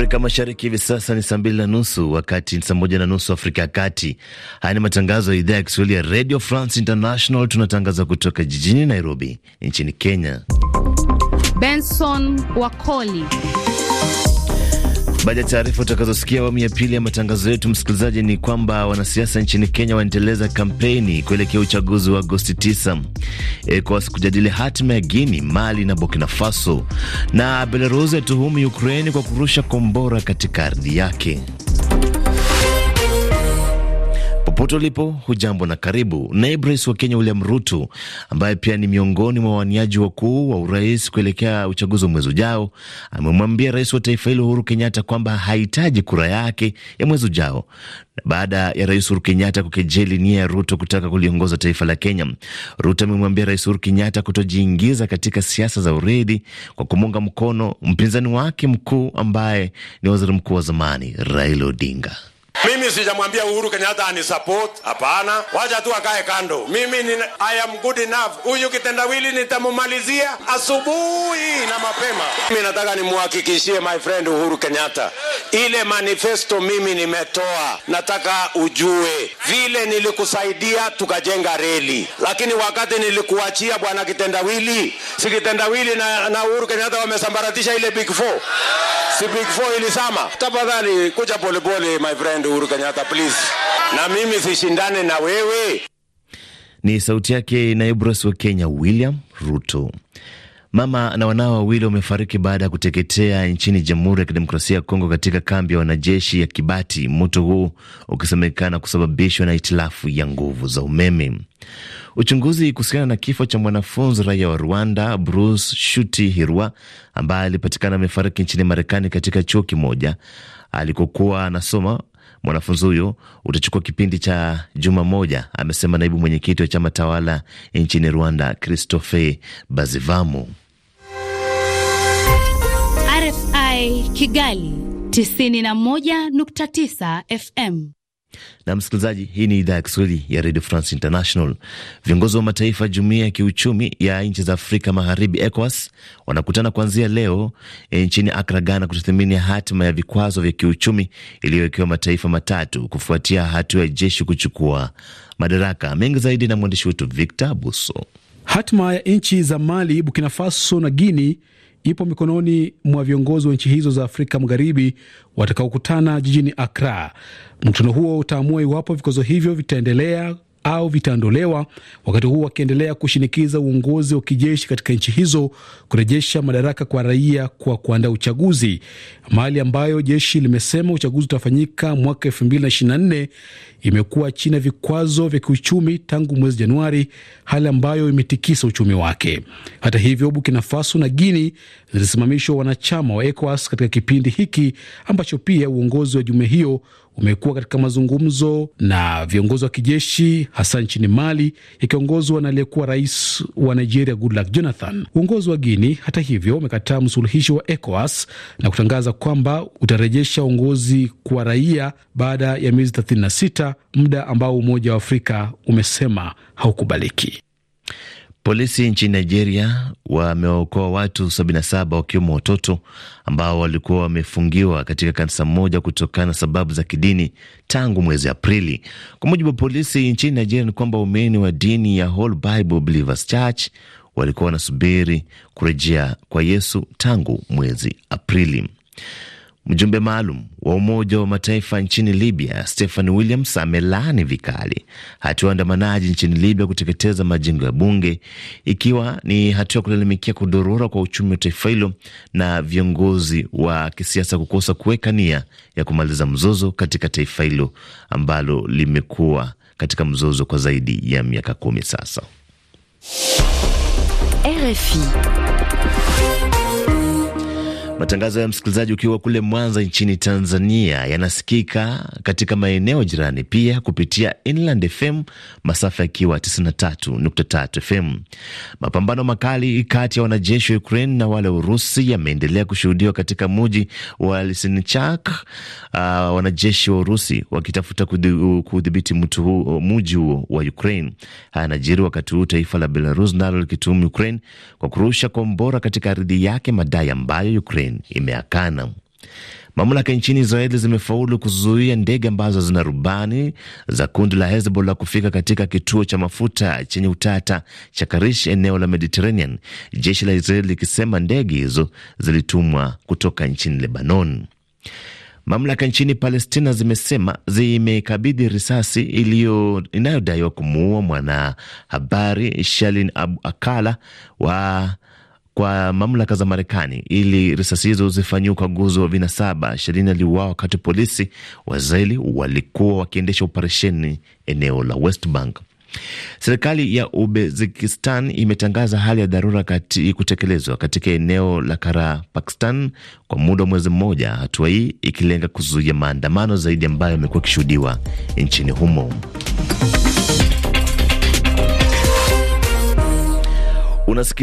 Afrika Mashariki hivi sasa ni saa mbili na nusu wakati ni saa moja na nusu Afrika ya Kati. Haya ni matangazo ya idhaa ya Kiswahili ya Radio France International. Tunatangaza kutoka jijini Nairobi nchini Kenya. Benson Wakoli baada ya taarifa utakazosikia awamu ya pili ya matangazo yetu, msikilizaji, ni kwamba wanasiasa nchini Kenya wanaendeleza kampeni kuelekea uchaguzi wa Agosti 9 ECOWAS kujadili hatima ya Guini, Mali na Burkina Faso, na Belarus yatuhumu Ukraini kwa kurusha kombora katika ardhi yake. Popote ulipo, hujambo na karibu. Naibu rais wa Kenya William Ruto, ambaye pia ni miongoni mwa waniaji wakuu wa urais kuelekea uchaguzi wa mwezi ujao, amemwambia rais wa taifa hilo Uhuru Kenyatta kwamba hahitaji kura yake ya mwezi ujao, baada ya rais Uhuru Kenyatta kukejeli nia ya Ruto kutaka kuliongoza taifa la Kenya. Ruto amemwambia rais Uhuru Kenyatta kutojiingiza katika siasa za uredi kwa kumunga mkono mpinzani wake mkuu ambaye ni waziri mkuu wa zamani Raila Odinga. Mimi sijamwambia Uhuru Kenyatta ani support, hapana. Wacha tu akae kando. Mimi ni I am good enough. Huyu kitendawili nitamumalizia asubuhi na mapema. Mimi nataka nimuhakikishie my friend Uhuru Kenyatta, ile manifesto mimi nimetoa, nataka ujue vile nilikusaidia tukajenga reli, lakini wakati nilikuachia bwana kitendawili, si kitendawili na, na Uhuru Kenyatta wamesambaratisha ile big four si Big Four ilizama. Tafadhali kuja polepole, my friend Uhuru Kenyatta, please, na mimi sishindane na wewe. Ni sauti yake naibu rais wa Kenya William Ruto. Mama na wanao wawili wamefariki baada ya kuteketea nchini Jamhuri ya Kidemokrasia ya Kongo, katika kambi ya wanajeshi ya Kibati, moto huu ukisemekana kusababishwa na hitilafu ya nguvu za umeme. Uchunguzi kuhusiana na kifo cha mwanafunzi raia wa Rwanda Bruce Shuti Hirwa ambaye alipatikana amefariki nchini Marekani katika chuo kimoja alikokuwa anasoma Mwanafunzi huyo utachukua kipindi cha juma moja, amesema naibu mwenyekiti wa chama tawala nchini Rwanda, Christophe Bazivamu. RFI Kigali 91.9 FM. Na msikilizaji, hii ni idhaa ya Kiswahili ya Radio France International. Viongozi wa mataifa jumuiya ya kiuchumi ya nchi za Afrika Magharibi, ECOWAS, wanakutana kuanzia leo e, nchini Akra, Ghana, kutathimini hatima ya vikwazo vya kiuchumi iliyowekewa mataifa matatu kufuatia hatua ya jeshi kuchukua madaraka. Mengi zaidi na mwandishi wetu Victor Buso. Hatima ya nchi za Mali, Burkina Faso na Guini ipo mikononi mwa viongozi wa nchi hizo za Afrika Magharibi watakaokutana jijini akra Mkutano huo utaamua iwapo vikwazo hivyo vitaendelea au vitaondolewa, wakati huu wakiendelea kushinikiza uongozi wa kijeshi katika nchi hizo kurejesha madaraka kwa raia kwa kuandaa uchaguzi, mali ambayo jeshi limesema uchaguzi utafanyika mwaka 2024 imekuwa chini ya vikwazo vya kiuchumi tangu mwezi Januari, hali ambayo imetikisa uchumi wake. Hata hivyo, Burkina Faso na Guini zilisimamishwa wanachama wa ECOWAS katika kipindi hiki ambacho pia uongozi wa jumuiya hiyo umekuwa katika mazungumzo na viongozi wa kijeshi hasa nchini Mali, yakiongozwa na aliyekuwa rais wa Nigeria Goodluck Jonathan. Uongozi wa Guini hata hivyo umekataa msuluhishi wa ECOWAS na kutangaza kwamba utarejesha uongozi kwa raia baada ya miezi 36, muda ambao Umoja wa Afrika umesema haukubaliki. Polisi nchini Nigeria wamewaokoa watu 77 wakiwemo watoto ambao walikuwa wamefungiwa katika kanisa moja kutokana na sababu za kidini tangu mwezi Aprili. Kwa mujibu wa polisi nchini Nigeria ni kwamba waumini wa dini ya Whole Bible Believers Church walikuwa wanasubiri kurejea kwa Yesu tangu mwezi Aprili. Mjumbe maalum wa Umoja wa Mataifa nchini Libya Stephen Williams amelaani vikali hatua waandamanaji nchini Libya kuteketeza majengo ya bunge, ikiwa ni hatua ya kulalamikia kudorora kwa uchumi wa taifa hilo na viongozi wa kisiasa kukosa kuweka nia ya kumaliza mzozo katika taifa hilo ambalo limekuwa katika mzozo kwa zaidi ya miaka kumi sasa. RFI. Matangazo ya msikilizaji, ukiwa kule Mwanza nchini Tanzania, yanasikika katika maeneo jirani pia kupitia Inland FM, masafa yakiwa 93.3 FM. Mapambano makali kati ya wanajeshi wa Ukraine na wale Urusi yameendelea kushuhudiwa katika muji wa Lisinchak, uh, wanajeshi wa Urusi wakitafuta kudhibiti muji huo wa Ukraine. Haya yanajiri wakati huu taifa la Belarus nalo likituhumu Ukraine kwa kurusha kombora katika ardhi yake, madai ambayo Ukraine Yemen imeakana. Mamlaka nchini Israeli zimefaulu kuzuia ndege ambazo zina rubani za kundi la Hezbollah kufika katika kituo cha mafuta chenye utata cha Karish, eneo la Mediterranean, jeshi la Israeli likisema ndege hizo zilitumwa kutoka nchini Lebanon. Mamlaka nchini Palestina zimesema zimekabidhi risasi inayodaiwa kumuua mwanahabari Shalin Abu Akala wa kwa mamlaka za Marekani ili risasi hizo zifanyiwe ukaguzi wa vinasaba. Ishirini aliuawa wakati polisi Israeli walikuwa wakiendesha operesheni eneo la West Bank. Serikali ya Uzbekistan imetangaza hali ya dharura kati kutekelezwa katika eneo la Pakistan kwa muda wa mwezi mmoja, hatua hii ikilenga kuzuia maandamano zaidi ambayo yamekuwa yakishuhudiwa nchini humo. Unasikia